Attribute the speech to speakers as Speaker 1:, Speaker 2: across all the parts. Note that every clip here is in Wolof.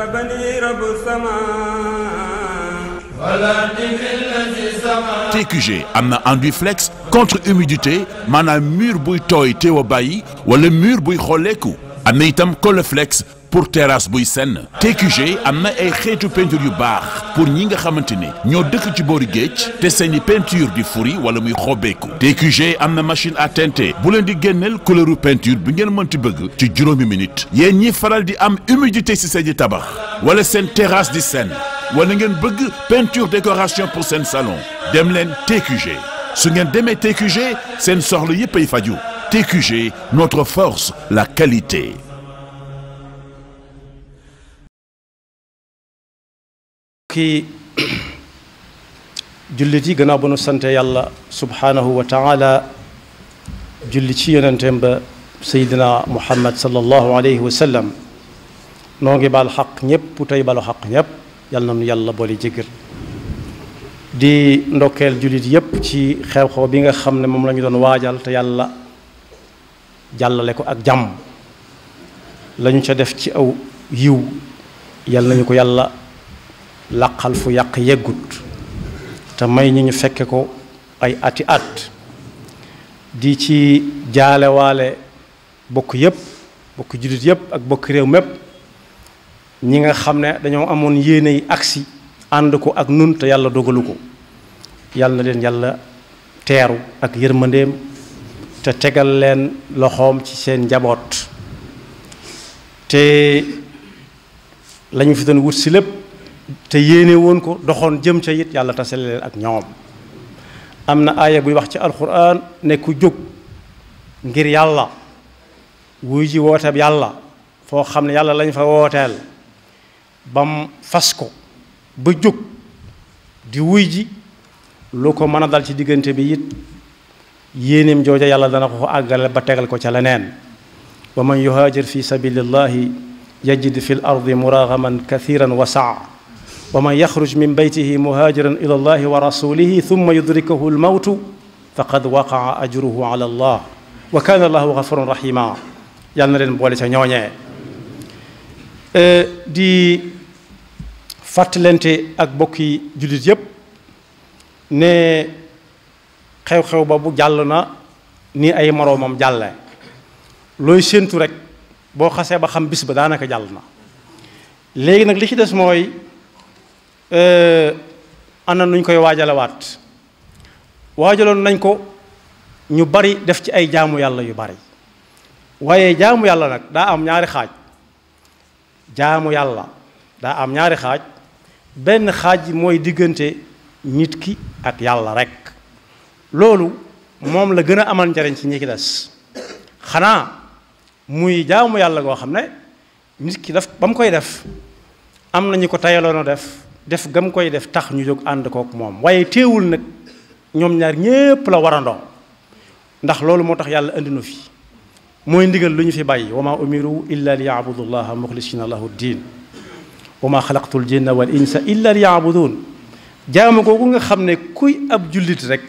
Speaker 1: TQG am na enduit flex contre humidité maanaam mur buy tooy te wa bàyyi wala mur buy xolleeku am na itam colleflex pour terrasse buy senn TQG am na ay xeetu peinture yu baax pour ñi nga xamante ni ñoo dëkk ci boori géej te seeni peinture di furi wala muy xobeeku TQG am na machine à bu leen di génneel couleuru peinture bi ngeen mënti bëgg ci juróomi minute yéen ñi faral di am humidité see seeni tabax wala seen terrasse di senn wala ngeen bëgg peinture décoration pour seen salon dem leen TQG su ngeen demee TQG seen soxla yëpp ay faju TQG notre force la
Speaker 2: mbokki jullit yi gannaaw ba nu sante yàlla subhaanahu wa taala julli ci yonenteem ba seydina muhammad sallallahu alayhi wa sallam noo ngi baal xaq ñépp tey xaq ñépp yal na nu yàlla boole jéggal di ndokkeel jullit yépp ci xew-xew bi nga xam ne moom la doon waajal te yàlla jàllale ko ak jàmm lañu ca def ci aw yiw yal nañu ko yàlla laqal fu yàq yeggut te may ñu ñu fekke ko ay ati at di ci jaalewaale bokk yépp bokk jullit yépp ak bokk réew mépp ñi nga xam ne dañoo amoon yéene aksi agsi ànd ko ak nun te yàlla dogalu ko yàlla na leen yàlla teeru ak yërmandeem te tegal leen loxoom ci seen njaboot te lañu fi doon wut si lépp te yéene woon ko doxoon jëm ca it yàlla tasale leen ak ñoom am na aaya buy wax ci alxuraan nekku jóg ngir yàlla wuy ji wooteeb yàlla foo xam ne yàlla lañ fa wooteel bam fas ko ba jóg di wuy ji lu ko mën a dal ci diggante bi it yéeneem jooja yàlla dana ko ko àggale ba tegal ko ca leneen wa man yuhaajir fi sabilillahi yajid fi l ardi muragaman kathiran wasaa wa man yaxruj min beytihi muhaajiran ila allahi wa rasulihi thumma yudrikahu almawtu faqad waqaa ajruhu ala allah wa kaana allahu gafuran rahima yàlla na leen boole sa ñooñee di fàttalente ak bokki jullit yépp ne xew-xew ba bu jàll na ni ay moroomam jàlle looy séentu rek boo xasee ba xam bis ba daanaka jàll na nag li ci mooy Euh, ana nuñ koy waajalewaat waajaloon nañ ko ñu bari def ci ay jaamu yàlla yu bari waaye jaamu yàlla nag daa am ñaari xaaj jaamu yàlla daa am ñaari xaaj benn xaaj mooy diggante nit ki ak yàlla rekk loolu moom la gën a amal njariñ ci ñi ki des xanaa muy jaamu yàlla goo xam ne nit ki def ba mu koy def am na ñu ko tayaloon def def gam koy def tax ñu jóg ànd kook moom waaye teewul nag ñoom ñaar ñépp la warandoo ndax loolu moo tax yàlla indi nu fi mooy ndigal lu ñu fi bàyyi wa ma umiru illa li yabudu llaha muxlisina lahu diin wa ma xalaqtu l jinna wal insa illa li yabudun jaamu googu nga xam ne kuy ab jullit rek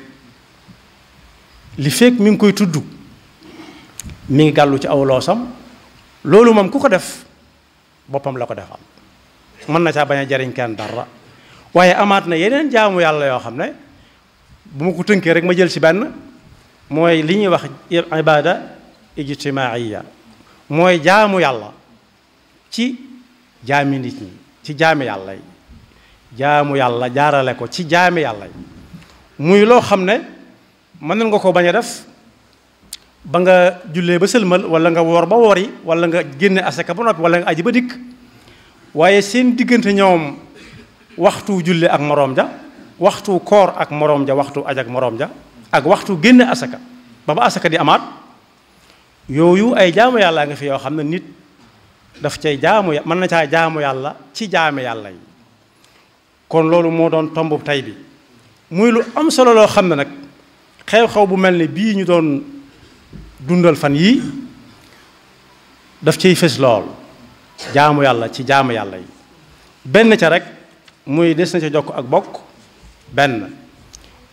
Speaker 2: li fekk mi ngi koy tudd mi ngi gàllu ci aw loosam loolu moom ku ko def boppam la ko defal mën na caa bañ a jariñ kenn dara waaye amaat na yeneen jaamu yàlla yoo xam ne bu ma ko tënkee rek ma jël ci benn mooy li ñuy wax ibada ya mooy jaamu yàlla ci jaami nit ñi ci jaami yàlla yi jaamu yàlla jaarale ko ci jaami yàlla yi muy loo xam ne mën nga ko bañ a def ba nga jullee ba sëlmal wala nga woor ba woor yi wala nga génne asaka ba noppi wala nga aji ba dikk waaye seen diggante ñoom waxtu julle ak moroom ja waxtu koor ak moroom ja waxtu aj moroom ja ak waxtu génn asaka ba ba asaka di amaat yooyu ay jaamu yàlla nga fi yoo xam ne nit daf cay jaamu mën na caa jaamu yàlla ci jaame yàlla yi kon loolu moo doon tomb tey bi muy lu am solo loo xam ne nag xew-xew bu mel ne bii ñu doon dundal fan yii daf ciy fës lool jaamu yàlla ci jaamu yàlla yi benn ca rek muy des na ca jokk ak bokk benn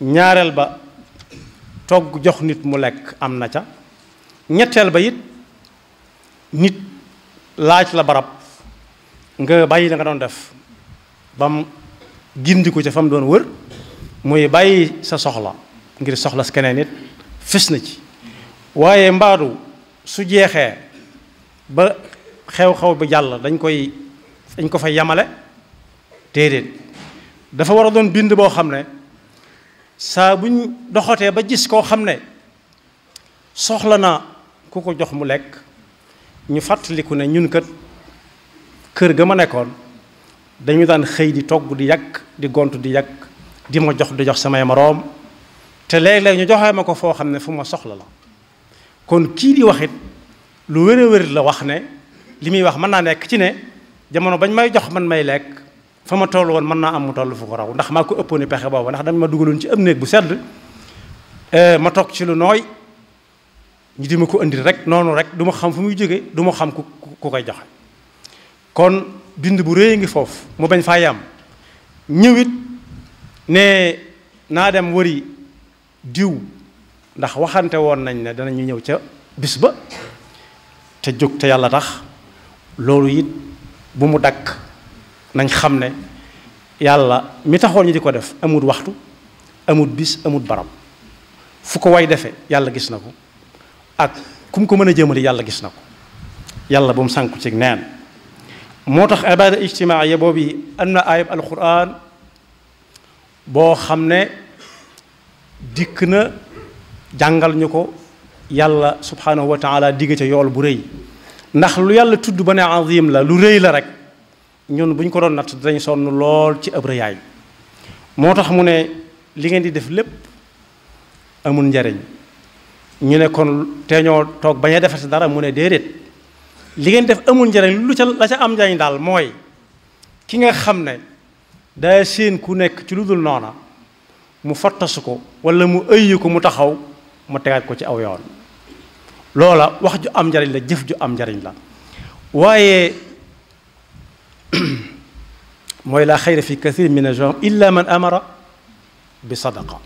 Speaker 2: ñaareel ba togg jox nit mu lekk am na ca ñetteel ba it nit laaj la barab nga bàyyi la nga doon def ba mu gindiku ca fa mu doon wër muy bàyyi sa soxla ngir soxla si keneen it fis na ci waaye mbaadu su jeexee ba xew-xew bi jàll dañ koy dañ ko fa yamale déedéet dafa war a doon bind boo xam ne saa bu ñu doxatee ba gis koo xam ne soxla na ku ko jox mu lekk ñu fàttaliku ne ñun kat kër ga ma nekkoon dañu daan xëy di togg di yàq di gont di yàq di ma jox di jox samay moroom te léeg-léeg ñu joxee ma ko foo xam ne fu ma soxla la kon kii di waxit lu wér a la wax ne li muy wax mën naa nekk ci ne jamono bañ may jox man may lekk fa ma toll woon mën naa am mu toll fu raw ndax maa ko ëppooni pexe boobu ndax dañ ma dugaloon ci am néeg bu sedd eh, ma toog ci lu nooy ñu di ma ko indi rek noonu rek duma xam fu muy jóge duma xam ku ku koy joxe kon bind bu réy ngi foofu mu bañ faa yam ñëwit ne naa dem wari diw ndax waxante woon nañ ne ñu ñëw ca bis ba te jóg te yàlla tax loolu it bu mu dakk nañ xam ne yàlla mi taxoon ñu di ko def amut waxtu amut bis amut barab fu ko way defe yàlla gis na ko ak ku ko mën a jëmale yàlla gis na ko yàlla bu mu sànku ci neen moo tax ibaada ijtimaaya boobu am na ayab alquran boo xam ne dikk na jàngal ñu ko yàlla subhanahu wa taala digg ca yool bu rëy ndax lu yàlla tudd ba ne azim la lu rëy la rek ñun bu ñu ko doon natt dañ sonn lool ci ab rëyaay moo tax mu ne li ngeen di def lépp amul njariñ ñu ne kon te ñoo toog bañ a defati dara mu ne déedéet li ngeen def amul njariñ lu ca la ca am njariñ daal mooy ki nga xam ne daa séen ku nekk ci lu dul noona mu fottasu ko walla mu ëyyi ko mu taxaw mu tegaat ko ci aw yoon loola wax ju am njariñ la jëf ju am njariñ la waaye mooy laa xayra fi kathir min ajwam illa man amara bi sadaqa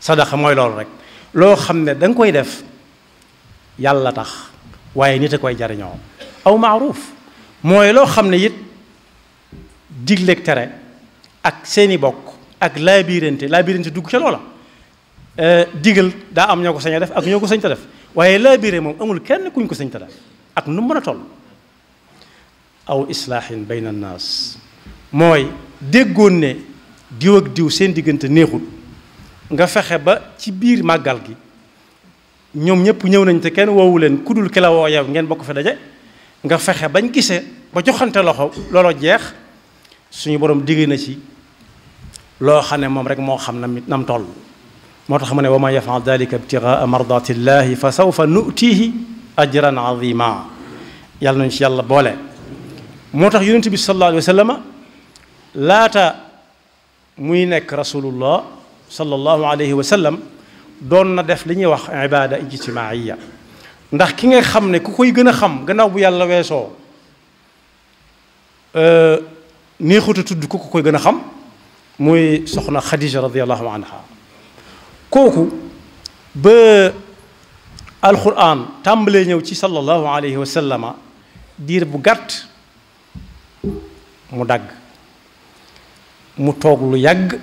Speaker 2: sadaqa mooy loolu rek loo xam ne da koy def yàlla tax waaye nit a koy jariñoo aw maaruuf mooy loo xam ne it digleeg tere ak seeni bokk ak laabirante laabirante dugg ca loola eh, digal daa am ñoo ko sañ a def ak ñoo ko sañ ta def waaye laabire moom amul kenn kuñ ko sëñ tala ak nu mën a toll aw islaahin bayna mooy déggoon ne diw ak diw seen diggante neexul nga fexe ba ci biir màggal gi ñoom ñëpp ñëw nañ te kenn woowu leen kudul ki la ngeen bokk fa daje nga fexe bañ gisee ba joxante loxo looloo jeex suñu borom diggee na ci loo xam ne moom rek moo xam na mit nam toll moo tax ma ne wa man yafaal dalika ibtigaa mardatillahi fa sawfa nutihi ajran azima yàlla nañu ci yàlla boole moo tax yonent bi sallallahu alayhi wa laata muy nekk rasulullah sallallahu alayhi wa doon na def li ñuy wax ibada ijtimaaiya ndax ki nga xam ne ku koy gën a xam gannaaw bu yàlla weesoo euh, neexuta tudd ku ko koy gën a xam muy soxna xadija radiallahu anha kooku ba alquran tàmbalee ñëw ci sallallahu alayhi wa diir bu gàtt mu dagg mu toog lu yàgg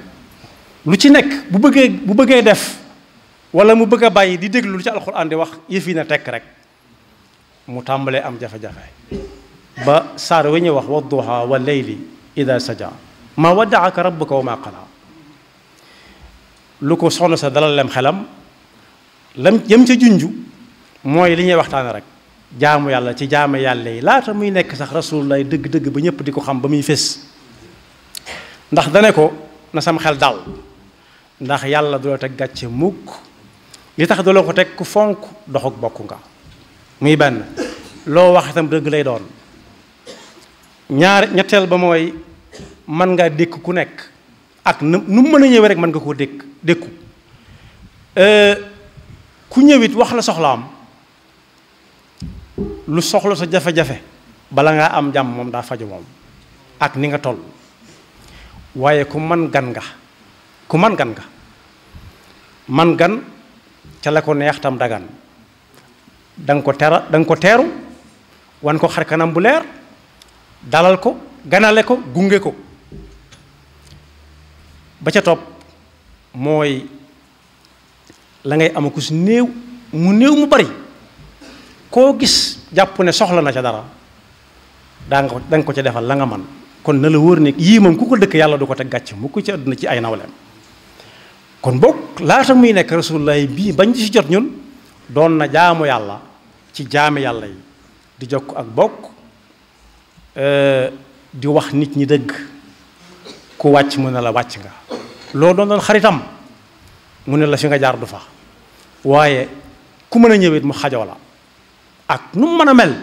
Speaker 2: lu ci nekk bu bëggee bu bëggee def wala mu bëgg a bàyyi di déglu lu ci alquran di wax yëf yi tekk rek mu tàmbalee am jafe-jafe ba saar wi ñu wax wa duha wa leyli ida saja ma waddaaka rabbuka wa ma qala lu ko soxna sa dalal lem xelam lam jëm ca junj mooy li ñuy waxtaane rek jaamu yàlla ci jaamu yàlla yi laata muy nekk sax lay dëgg-dëgg ba ñëpp di ko xam ba muy fés ndax dane ko na sam xel dal ndax yàlla du la teg gàcce mukk li tax du la ko teg ku fonk doxuk bokk nga muy benn loo wax itam dëgg lay doon ñaar ñetteel ba mooy mën nga dékk ku nekk ak nu mu mën a ñëwee rek mën nga koo dékk dékku euh, ku ñëwit wax la soxlaam lu soxla sa jafe-jafe bala ngaa am jàmm moom daa fajo moom ak ni nga toll waaye ku man gan nga ku man gan nga man gan ca la ko neex tam dagan danga ko tera da nga ko teeru wan ko xar kanam bu leer dalal ko ganale ko gunge ko ba ca topp mooy la ngay am ku si néew mu néew mu bari koo gis jàpp ne soxla na ca dara daa nga ko da ko ca defal la nga man kon na la wóor ne yii moom ku ko dëkk yàlla du ko teg gàcc mu ko ci àdduna ci ay nawleem kon bokk laata muy nekk rasulullahi bii bañ ci jot ñun doon na jaamu yàlla ci jaami yàlla yi di jokk ak bokk eh, di wax nit ñi dëgg ku wàcc mu ne la wàcc nga loo doon doon xaritam mu ne la fi nga jaar du fa waaye ku mën a ñëwit mu xajoo la ak nu mu mën a mel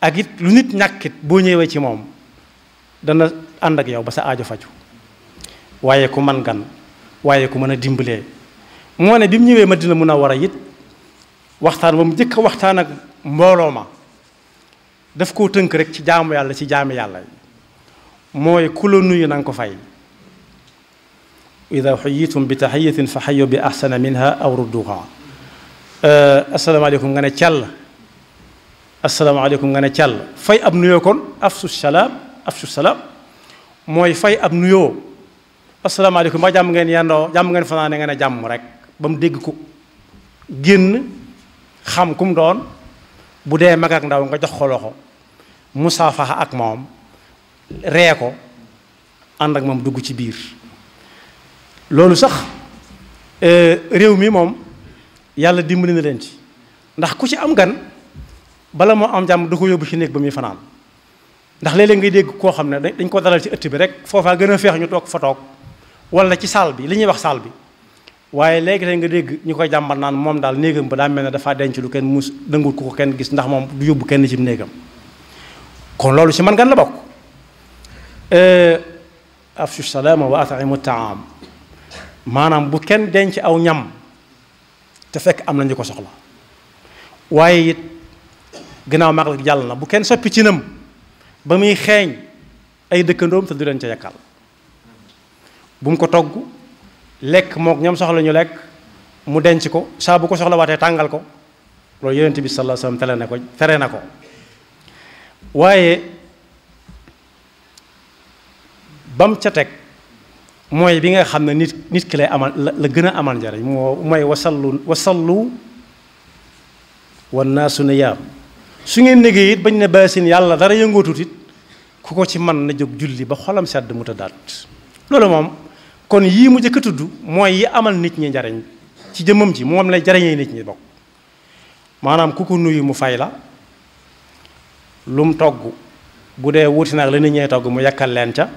Speaker 2: ak it lu nit ñàkkit boo ñëwee ci moom dana ànd ak yow ba sa aajo faju waaye ku man gan waaye ku mën a dimbalee moo ne bi mu ñëwee ma dina a war a it waxtaan ba mu njëkk a waxtaan ak mbooloo ma daf koo tënk rek ci jaamu yàlla ci jaami yàlla yi mooy ku la nuyu na ko fay ida xuyitum bi taxiyatin fa xayu bi axsana minha aw rudduha eh, asalaamaaleykum nga ne càll asalaamaaleykum nga ne càll fay ab nuyoo kon afsu salaam afsu salaam mooy fay ab nuyoo asalaamaaleykum ba jàmm ngeen yendoo jàmm ngeen fanaane nga ne jàmm rek ba mu dégg ko génn xam kum doon bu dee mag ak ndaw nga jox ko musaafaxa ak moom ree ko ànd ak moom dugg ci biir loolu sax euh, réew mii moom yàlla dimbali na leen ci ndax ku ci am gan bala moo am jàmm du ko yóbbu ci néeg ba muy fanaan ndax léeg-léeg ngay dégg koo xam ne dañ ko dalal ci ëtt bi rek foofaa gën a feex ñu toog fa toog wala ci saal bi li ñuy wax saal bi waaye léegi léeg nga dégg ñu koy jàmbat naan moom daal néegam ba daa mel ne dafaa denc lu kenn mus dëngul ku ko kenn gis ndax moom du yóbbu kenn ci néegam kon loolu ci man gan la bokk Eh, afshu salaama wa at'imu taam maanaam bu kenn denc aw ñam te fekk am na ñu ko soxla waaye it gannaaw magal gi jàll na bu kenn soppi cinam ba muy xeeñ ay dëkkandoom te du leen ca bu mu ko togg lekk mook ñam soxla ñu lekk mu denc ko saa bu ko soxla waatee tàngal ko loolu yonent bi sallallahu alayhi wasallam ko tere na ko waaye ba mu ca teg mooy bi nga xam ne nit nit ki lay amal la gën a amal njariñ moo mooy wasallu wasallu wannaasu niyaam su ngeen liggéey it bañ ne baasin yàlla dara yëngoo it ku ko ci man na jóg julli ba xolam sedd mu tëddaat loolu moom kon yii mu jëkk a tudd mooy yi amal nit ñi njariñ ci jëmmam ji moom lay jariñee nit ñi bokk maanaam ku ko nuyu mu fay la lum togg bu dee wuti nag la nit ñee togg mu yàkkal leen ca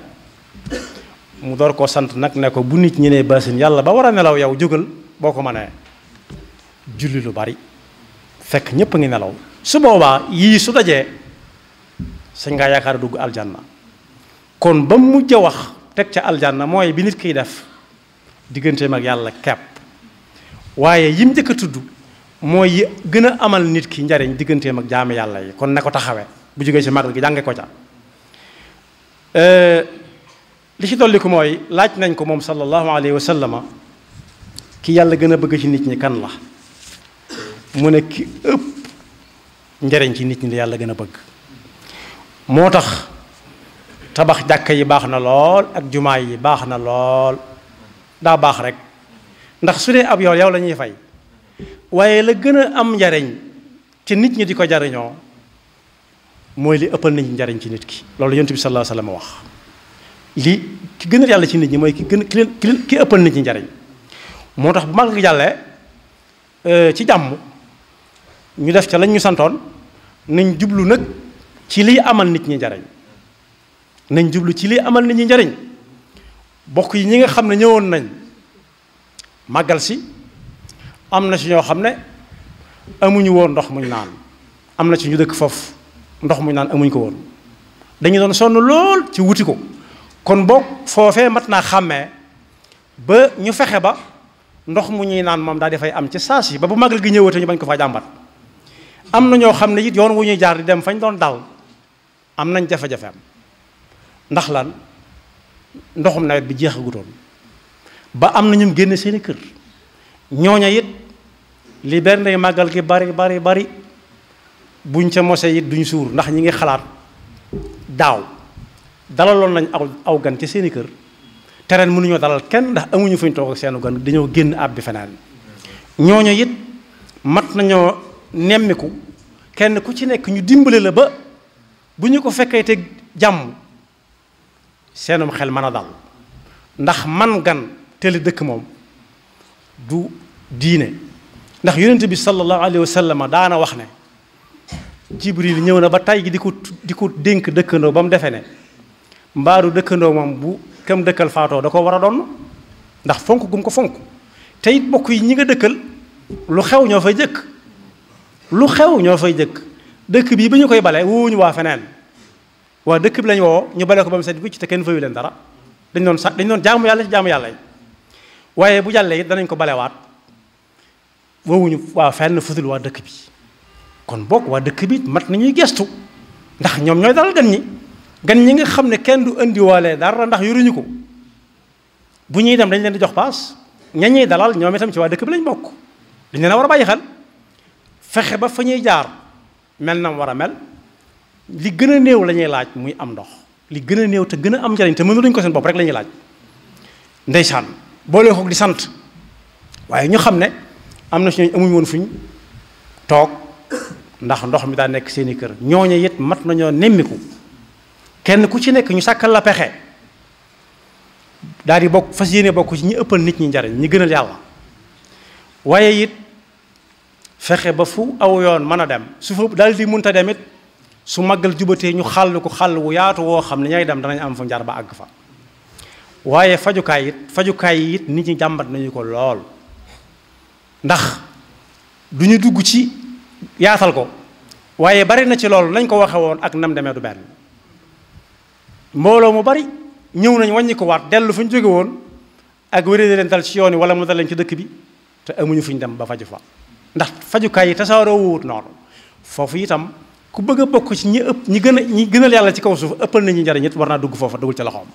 Speaker 2: mu door koo sant nag ne ko bu nit ñi ne baasin yàlla ba war a nelaw yow jógal boo ko mënee julli lu bari fekk ñépp a ngi nelaw su boobaa yi su dajee sañ ngaa yaakaar dugg aljana kon ba mujj a wax teg ca aljanna mooy bi nit kiy def digganteem ak yàlla kepp waaye yim njëkk a tudd mooy yi gën a amal nit ki njariñ digganteem ak jaami yàlla yi kon ne ko taxawe bu jógee si màggal gi jànge ko ca euh, li ci dolli ko mooy laaj nañ ko moom sallallahu alayhi wa sallama ki yàlla gën a bëgg ci nit ñi kan la mu ne ki ëpp njariñ ci nit ñi yàlla gën a bëgg moo tax tabax jàkka yi baax na lool ak jumaa yi baax na lool daa baax rek ndax su dee ab yool yow la fay waaye la gën a am njariñ te nit ñi di ko jariñoo mooy li ëppal nañ njariñ ci nit ki loolu yonent bi sallallahu alayhi wa wax lii ki gën yàlla ci nit ñi mooy ki gën ki leen ki leen ki ëppal nit ñi njariñ moo tax bu mag gi jàllee euh, ci jàmm ñu def ca lañ ñu santoon nañ jublu nag ci liy amal nit ñi njariñ nañ jublu ci liy amal nit ñi njariñ bokk yi ñi nga xam ne ñëwoon nañ màggal si am na ci ñoo xam ne amuñu woon ndox muñ naan am na ci ñu dëkk foofu ndox muñ naan amuñ ko woon dañu doon sonn lool ci wuti ko kon boog foofee mat naa xàmme ba ñu fexe ba ndox mu ñuy naan moom daal dafay am ci saas yi ba bu magal gi ñëwatee ñu bañ ko faa jàmbat am na ñoo xam ne it wu ñuy jaar di dem fañ doon dal am nañ jafe-jafeem ndax lan ndoxum nawet bi jeexagutoon ba am na ñu génne seeni kër ñooña it li benn màggal gi bari bari bari buñ ca mose it duñ suur ndax ñi ngi xalaat daaw dalaloon nañu aw aw gan ci seeni kër te mënuñoo dalal kenn ndax amuñu fuñ toog ak seenu gan dañoo génn àbbi feneen ñooñu it mat nañoo nemmiku kenn ku ci nekk ñu dimbale la ba bu ñu ko fekkee te jàmm seenum xel mën a dal ndax man gan teel dëkk moom du diine ndax yonent bi sallallahu alayhi wa sallam daana wax ne jibril ñëw na ba tay gi di ko di ko dénk dëkkandoo ba mu defe ne mbaaru dëkkandoo moom bu kam dëkkal faatoo da ko war a doon ndax fonk gum ko fonk tey it bokk yi ñi nga dëkkal lu xew ñoo fay jëkk lu xew ñoo fay jëkk dëkk bii ba ñu koy bale wóowuñu waa feneen waa dëkk bi lañ woo ñu bale ko ba mu set ci te kenn dara dañ doon sax dañ doon jaamu yàlla ci yàlla waaye bu jàllee it ko balewaat woowuñu waa fenn dëkk bi kon bokk waa dëkk bi mat nañuy gestu ndax ñoom ñooy dalal gan ñi gan ñi nga xam ne kenn du indiwaale dara ndax yoruñu ko bu ñuy dem dañ leen di jox paas ña dalal ñoom itam ci waa dëkk bi lañ bokk dañ leen a war a bàyyi xel fexe ba fa ñuy jaar mel na war a mel li gën a néew la ñuy laaj muy am ndox li gën a néew te gën a am njariñ te mënuluñ ko seen bopp rek la ñuy laaj ndeysaan boole di sant waaye ñu xam ne am na si ñooñu amuñ woon fuñ toog ndax ndox mi daa nekk seeni kër ñooñu it mat nañoo nemmiku kenn ku ci nekk ñu sàkkal la pexe daal di bokk fas yéene bokk ci ñi ëppal nit ñi njariñ ñi gënal yàlla waaye it fexe ba fu aw yoon mën a dem su fa daal di munta dem it su màggal jubatee ñu xàll ko xàll wu yaatu woo xam ne ñay dem danañ am fa njar ba àgg fa waaye fajukaay it fajukaay yi it nit ñi jàmbat nañu ko lool ndax du ñu dugg ci yaatal ko waaye bari na ci loolu nañ ko waxe woon ak nam demee du benn mbooloo mu bari ñëw nañ wàññi dellu fu ñu jóge woon ak wéré leen dal ci yoon yi wala mu dal leen ci dëkk bi te amuñu fu ñu dem ba faju fa ndax fajukaay yi tasaaroo wut noonu foofu itam ku bëgg a bokk ci ñi ëpp ñi gën a ñi gënal yàlla ci kaw suuf ëppal nañu njariñ it war naa dugg foofa dugul ci loxoom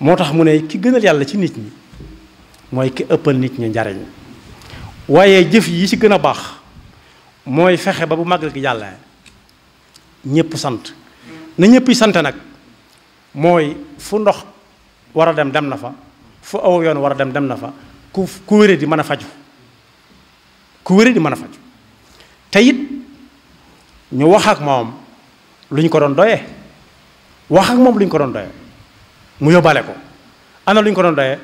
Speaker 2: moo tax mu ne ki gënal yàlla ci nit ñi mooy ki ëppal nit ñi njariñ waaye jëf yi ci gën a baax mooy fexe ba bu màggal gi yàlla ñëpp sant na ñëpp sant nag mooy fu ndox war a dem dem na fa fu aw yoon war a dem dem na fa ku ku wére di mën a faju ku wére di mën a faju te it ñu wax moom luñ ko doon doyee wax moom luñ ko doon doyee mu yóbbale ko ana lu ñu ko doon doyee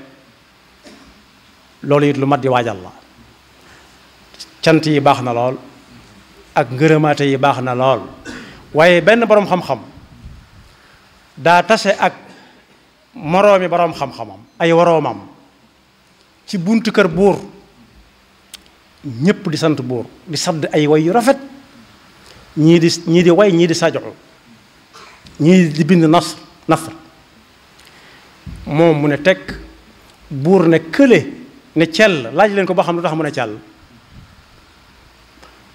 Speaker 2: loolu it lu mat di waajal la cant yi baax na lool ak ngërëmaate yi baax na lool waaye benn boroom xam-xam daa tase ak moroomi boroom xam-xamam ay woroomam ci buntu kër buur ñépp di sant buur di sadd ay way yu rafet ñii di ñii di way ñii di sajoxu ñii di bind nas nasr moom mu ne teg buur ne kële ne cell laaj leen ko ba xam lu tax mu ne cell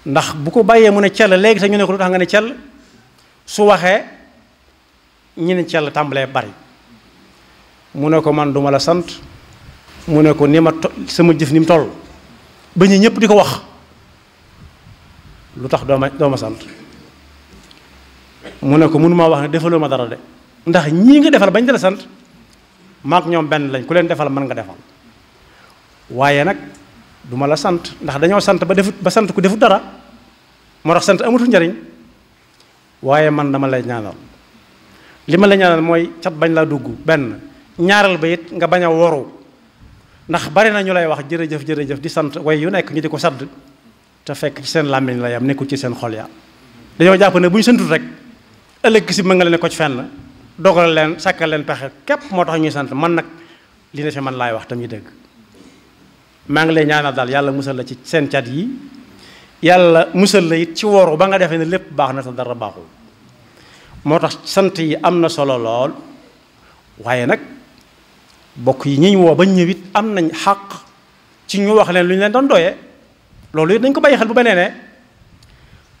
Speaker 2: ndax bu ko bàyyee mu ne cell léegi sax ñu ne ko lu tax nga ne cell su waxee ñeneen ci yàlla tàmbalee bari mu ne ko man duma la sant mu ne ko ni ma to sama jëf ni mu toll ba ñu ñëpp di ko wax lu tax dooma dooma sant mu ne ko mënumaa wax ne defaloo ma dara de ndax ñii nga defal bañ dala sant maak ñoom benn lañ ku leen defal mën nga defal waaye nag duma la sant ndax dañoo sant ba defut ba sant ku defut dara moo tax sant amatul njariñ waaye man dama lay ñaanal li ma la ñaanal mooy cat bañ laa dugg benn ñaaral ba nga bañ a woru ndax bari na ñu lay wax jërëjëf jërëjëf di sant way yu nekk ñu di ko sadd te fekk ci seen làmmiñ la yam nekkul ci seen xol ya dañoo jàpp ne bu ñu rek ëllëg si mën nga leen ko ci fenn dogal leen sàkkal leen pexe képp moo tax ñuy sant man nag li ne man laay wax tam ñu dégg maa ngi lay ñaanal daal yàlla musal la ci seen cat yi yàlla musal la it ci woru ba nga defee ne lépp baax na sa dara baaxul moo tax sant yi am na solo lool waaye nag bokk yi ñiñ woo ba ñëwit am nañ xàq ci ñu wax leen lu ñu leen doon doyee loolu it dañ ko bàyyi xel bu benee ne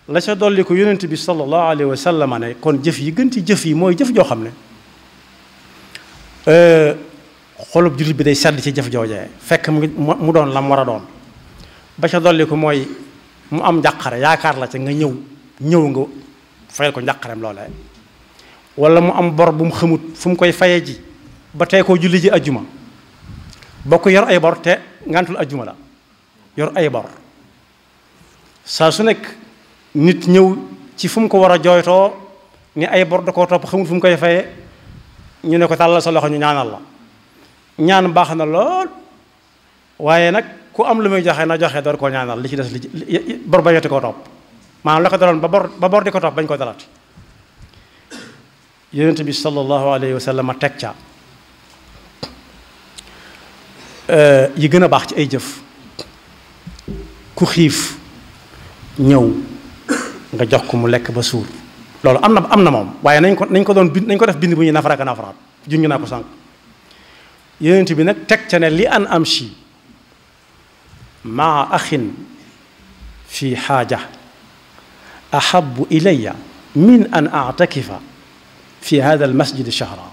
Speaker 2: la ca dolli ko yonent bi sallallahu alayhi wa sallam ne kon jëf yi gën ci jëf yi mooy jëf joo xam ne euh, xolub jullit bi day sedd ci jëf joojee fekk mu doon la mu war a doon ba sa dolli ko mooy mu am njaqare yaakaar la ca nga ñëw ñëw nga fayal ko njàqareem loolee wala mu am bor bu mu xamut fu mu koy fayee ji ba tey koo julli ji ajjuma bokk yor ay bor te ngantul ajjuma la yor ay bor saa su nekk nit ñëw ci fu mu ko war a jooytoo ni ay bor da koo topp xamut fu mu koy faye ñu ne ko tàllal sa loxo ñu ñaanal la ñaan baax na lool waaye nag ku am lu muy joxe na joxe door koo ñaanal li ci des li bor ba yoti koo topp maanaam la ko ba bor ba bor di ko topp bañ ko dalat yonent bi sallallahu alayhi wa sallam teg ca eh, yi gën a baax ci ay jëf ku xiif ñëw nga jox ko mu lekk ba suur loolu am na am na moom waaye nañ ko nañ ko doon bind nañ ko def bind bu ñuy nafaraaka nafaraat junj naa ko sànq yonent bi nag teg ca ne li an am si maa axin fi xaaja ahabu ilaya min an aatakifa fi hada al masjid shahra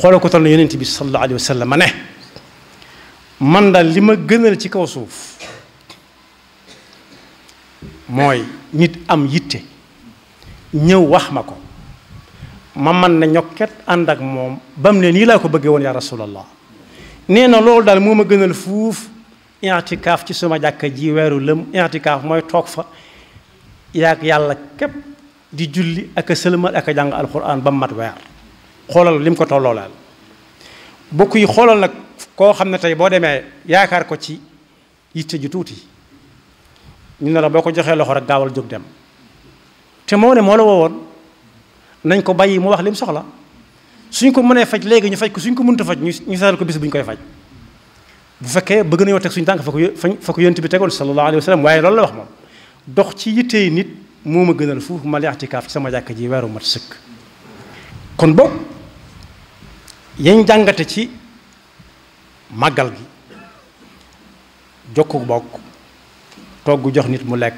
Speaker 2: xoolal ko tal na yonent bi sallallahu alayhi wa sallam ne man daal li ma gënal ci kaw suuf mooy nit am yitte ñëw wax ma ko ma man na ñokket ànd ak moom ba mu ne nii laa ko bëggee woon yaa rasulallah nee na loolu daal moo ma gënal fuuf i'tikaaf ci suma jàkk ji weeru lëm i'tikaaf mooy toog fa yaag yàlla képp di julli ak a sëlmal ak a jàng alxuraan ba mu mat weer xoolal lim ko laal bokk yi xoolal nag koo xam ne tey boo demee yaakaar ko ci yitte ju tuuti ñu ne la boo ko joxee loxo rek gaawal jóg dem te moo ne moo la woowoon nañ ko bàyyi mu wax lim soxla suñ ko mënee faj léegi ñu faj ko suñ ko mënta faj ñu seetal ko bis bu ñu koy faj bu fekkee bëgg nañoo teg suñu tànk fa ko fa ko yonent bi tegoon sallallahu alayhi wa sallam waaye loolu la wax moom dox ci yitte moo ma gënal fuuf ma i'tikaaf ci sama jàkk ji weeru mat sëkk kon boog yañ jàngate ci màggal gi jokku bokk togg jox nit mu lekk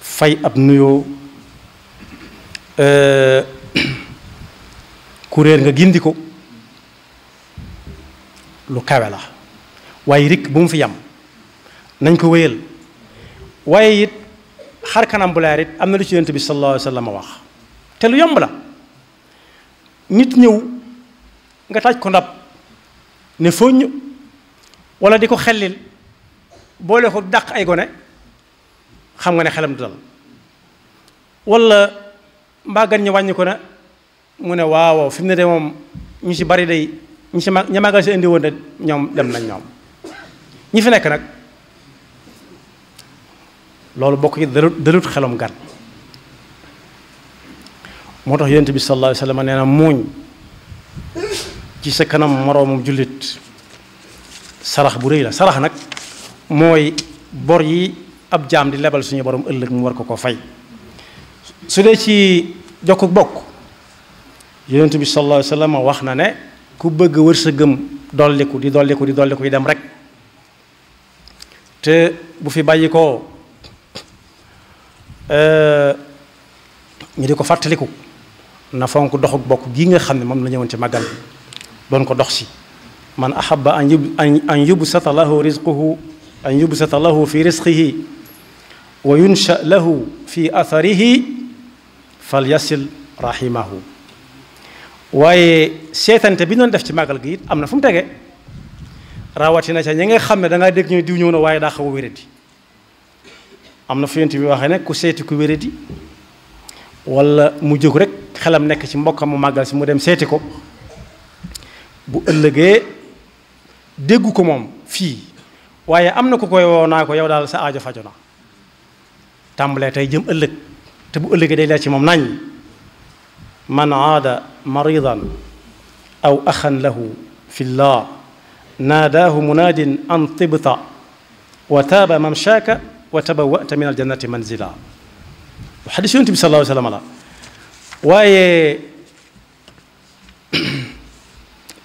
Speaker 2: fay ab nuyoo euh, kuréer nga gindi ko lu kawe la waaye rikk bu mu fi yam nañ ko wéyal waaye it xar kanam bu leer it am na lu ci yonent bi sallallahu alayhi wa wax te lu yomb la nit ñëw nga taaj ko ndab ne foññ wala di ko xellil boole ko dàq ay gone xam nga ne xelam du dal wala mbaa gan ñi wàññi na mu ne waaw fi mu ne de moom ñu si bari day ñu si mag ña magal si indi de ñoom dem nañ ñoom ñi fi nekk nag loolu bokk ci dalut dalut xelum gan moo tax yonent bi sallallahu alayhi wa sallam nee na ci sa kanam moroomu jullit sarax bu rëy la sarax nag mooy bor yi ab jaam di lebal suñu borom ëllëg mu war ko ko fay su dee ci jokku bokk yonent bi sallallahu alayhi wa sallam wax na ne ku bëgg wër sa gëm dolliku di dolliku di dolliku yi dem rek te bu fi bàyyi ko Euh, ñu di ko fàttaliku na fonk doxuk bokk gi nga xam ne moom la ñëwoon ci màggal bi doon ko dox si man ahabba an yub an yubsata lahu rizquhu an yubsata lahu fi rizqihi wa yunsha lahu fi atharihi falyasil rahimahu waaye seetante bi noonu def ci màggal gi am na fu mu tege rawatina a ñi nga xam ne da ngaa dégg ñu diw ñëw na waaye daa xaw a wéradi am na fu yonent bi waxee ne ku seeti ku wéradi wala mu jóg rek xelam nekk ci mbokkam mu màggal si mu dem seeti ko bu ëllëgee déggu ko moom fii waaye am na ku koy woo naa ko yow daal sa ajo fajo na tàmbalee tey jëm ëllëg te bu ëllëgee day leer ci moom nañ man aada maridan aw axan lahu fi llah naadaahu munaadin an tibta wa taaba mamshaaka wa tabawwata min aljannati manzila xadis yonent bi la waaye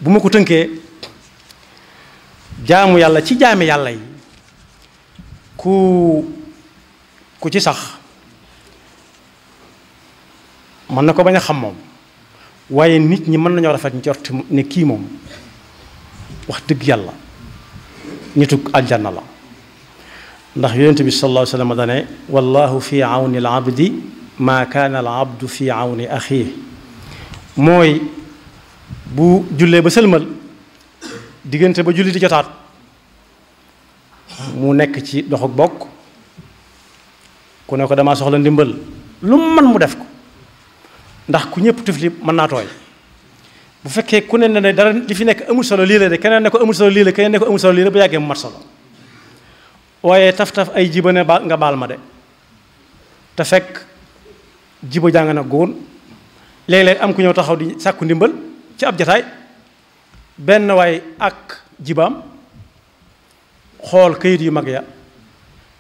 Speaker 2: bu ma ko tënkee jaamu yàlla ci jaami yàlla yi ku ku ci sax mën na ko bañ a xam moom waaye nit ñi mën nañoo rafet njort ne kii moom wax dëgg yàlla ñitu aljanna la ndax yonent bi sallallahu alayhi wa sallam fi awni al abdi maa kaana al abdu fi awni axii mooy bu jullee ba sëlmal diggante ba julli di jotaat mu nekk ci doxuk bokk ku ne ko damaa soxla ndimbal lu mu man mu def ko ndax ku ñëpp tufli man naa tooy bu fekkee ku ne ne dara li fi nekk amul solo lii la de keneen ne ko amul solo lii la keneen yàggee mu mat solo waaye taf-taf ay jiba ne ba nga baal ma de te fekk jiba jàng na góon léeg-léeg am ku ñëw taxaw di sàkku ndimbal ci ab jataay benn waay ak jibaam xool këyit yu mag ya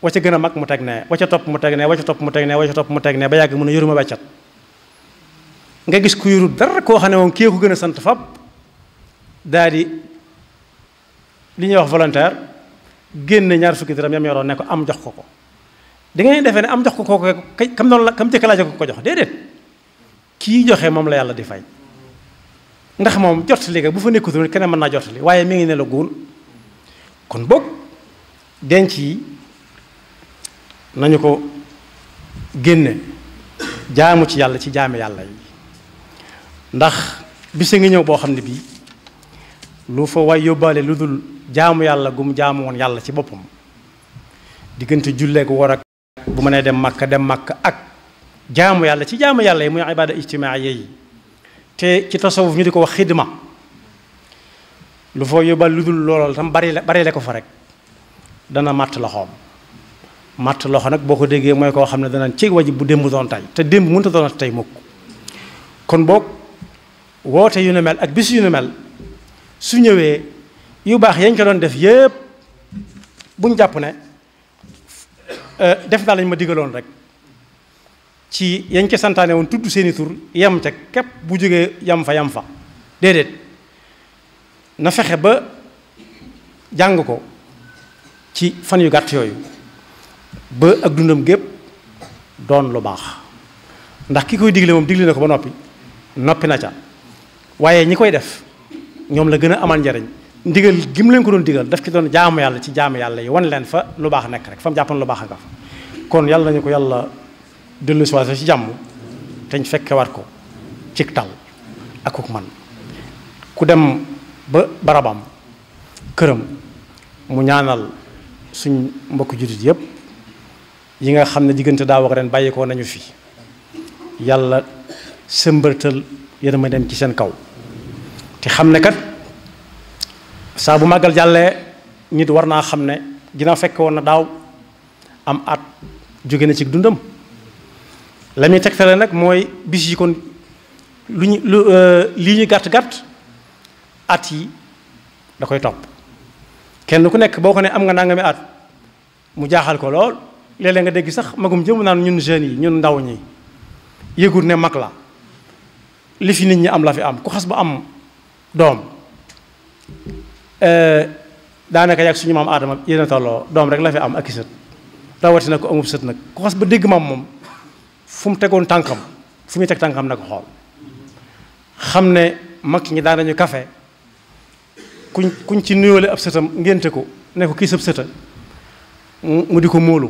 Speaker 2: wa ca gën a mag mu teg ne wa ca topp mu teg ne wa ca topp mu teg ne wa ca topp mu teg ne ba yàgg mu ne yoruma weccat nga gis ku yoru dara koo xam ne moom kii ku gën a sant fab daal di li ñuy wax volontaire génne ñaar fukki dërëm yam yoroon ne ko am jox ko ko da ngeen defee ne am jox ko ko kam noonu la kam jëkk laaje ko ko jox déedéet kii joxe moom la yàlla di fay ndax moom jotali ga bu fa nekkutul keneen mën naa jotali waaye mi ngi ne la guun kon boog denc yi nañu ko génne jaamu ci yàlla ci jaami yàlla yi ndax bisa ngi ñëw boo xam ne bii lu fa waay yóbbaale lu dul jaamu yàlla gum jaamu woon yàlla ci boppam diggante julleek war ak bu mënee dem màkk dem màkk ak jaamu yàlla ci jaamu yàlla yi muy ibaada ijtimaaya yi te ci tasawuf ñu di ko wax xidma lu fa yóbbaale lu dul loolal tam bari la bari la ko fa rek dana màtt loxoom màtt loxo nag boo ko déggee mooy koo xam ne danañ ci wajib bu démb doon tey te démb mun a doon tey mukk kon boog woote yu ne mel ak bis yu ne mel su ñëwee yu baax yañ ko doon def yépp buñ jàpp ne euh, def naa lañ ma digaloon rek ci yañ ko santaane woon tudd seeni tur yam ca képp bu jógee yam fa yam fa déedéet na fexe ba jàng ko ci fan yu gàtt yooyu ba ak dundam gépp doon lu baax ndax ki koy digle moom digle na ko ba noppi noppi na ca waaye ñi koy def ñoom la gën a amal njariñ ndigal gi mu leen ko doon digal daf ci doon jaamu yàlla ci jaamu yàlla yi wan leen fa lu baax nekk rek fa mu jàppoon lu baax nga fa kon yàlla nañu ko yàlla dellu si ci jàmm te ñu fekke wat ko cig tal ak ku man ku dem ba barabam këram mu ñaanal suñ mbokk jullit yëpp yi nga xam ne diggante daaw ak ren bàyyi ko nañu fi yàlla sëmbërtal dem ci seen kaw te xam ne kat saa bu màggal jàllee nit war naa xam ne dina fekk woon na daaw am at jóge na ci dundam la muy tegtale nag mooy bis yi kon lu ñu lu euh, lii ñu gàtt gàtt at yi da koy topp kenn ku nekk boo ko ne am nga nangami at mu jaaxal ko lool léeg nga dégg sax magum jëm naan ñun jeunes yi ñun ndaw ñi yëgul ne mag la li fi nit ñi am la fi am ku xas ba am doom eh, daanaka yàgg suñu maam aadama yéen a tolloo doom rek la fi am ak i sët rawatina ko amub sët nag ku xas ba dégg maam moom fu mu tegoon tànkam fu muy teg tànkam nag xool xam ne mag ñi daan nañu kafe kuñ kuñ ci nuyoole ab sëtam ngénte ko ne ko kii sëb sëta mu di ko móolu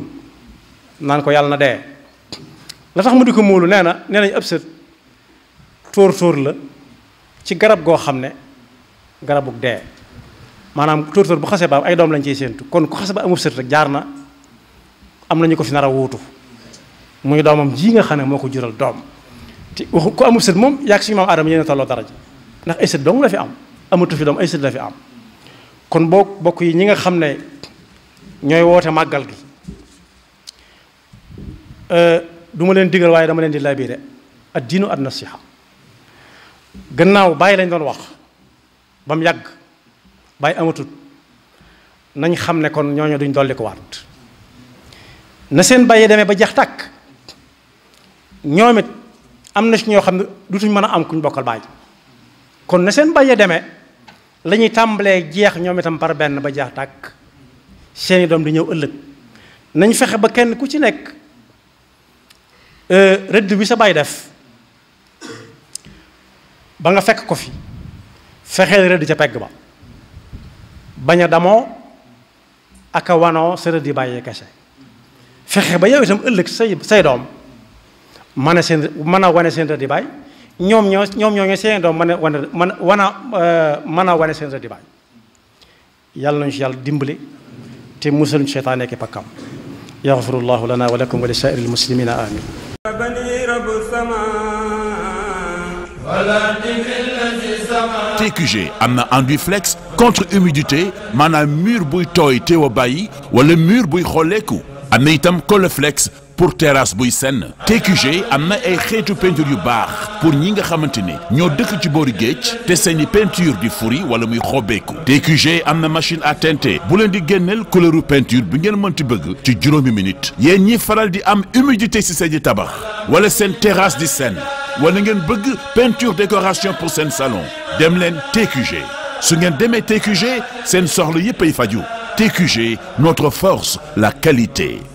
Speaker 2: naan ko yàlla na dee la tax mu di ko móolu nee na nee nañu ab sët tóor tóor la ci garab goo xam ne garabug dee maanaam tóortóor bu xasee ba am ay doom lañ ciy séentu kon ku xase ba amul sët rek jaar na am nañu ko fi nar a muy doomam jii nga xam ne moo ko jural doom te waxu ku amul sët moom yaag suñu maam aadama yéen tolloo dara ji ndax ay sët dong la fi am amatu fi doom ay sët la fi am kon boo bokk yi ñi nga xam ne ñooy woote màggal gi euh, duma leen digal waaye dama leen di labiré ad diinu ad nasiha gannaaw bàyyi lañ doon wax ba mu yàgg bàyyi amatut nañ xam ne kon ñooñu duñ dolli ko waat na seen bàyyi demee ba jeex tàkk ñoom it am na ci ñoo xam ne dutuñ mën a am kuñ bokkal bàyyi kon na seen bàyyi demee lañuy ñuy tàmbalee jeex ñoomitam itam par benn ba jeex tàkk seeni doom di ñëw ëllëg nañ fexe ba kenn ku ci nekk euh, rëdd bi sa bàyyi def ba nga fekk ko fi fexeel rëdd ca pegg ba bañ a damoo ak a wanoo sa rëdd yi bàyyee kese fexe ba yow itam ëllëg say say doom mën a seen mën a wane seen rëdd yi bàyyi ñoom ñoo ñoom ñoo ñoo seen doom mën a wane mën wan a euh, mën a wane seen rëdd yi bàyyi yàlla nañu ci yàlla dimbali te musal ñu seytaane ak pakkam yaxfirullahu lana wa lakum wa li saa'iril muslimina amin
Speaker 1: TQG am na enduit flex contre humidité maanaam mur buy tooy teew a bàyyi wala mur buy xolleeku am na itam colleflex pour terrasse buy senn TQG am na ay xeetu peinture yu baax pour ñi nga xamante ni ñoo dëkk ci boori géej te seeni peinture di furi wala muy xobeeku xobbeeku TQG am na machine à bu leen di génneel couleuru peinture bi ngeen mënti bëgg ci juróomi minute yéen ñi faral di am humidité ci seeni tabax wala seen terrasse di seen wala ngeen bëgg peinture décoration pour seen salon dem leen TQG su ngeen demee TQG seen soxla yëpp ay faju jé notre force la qualité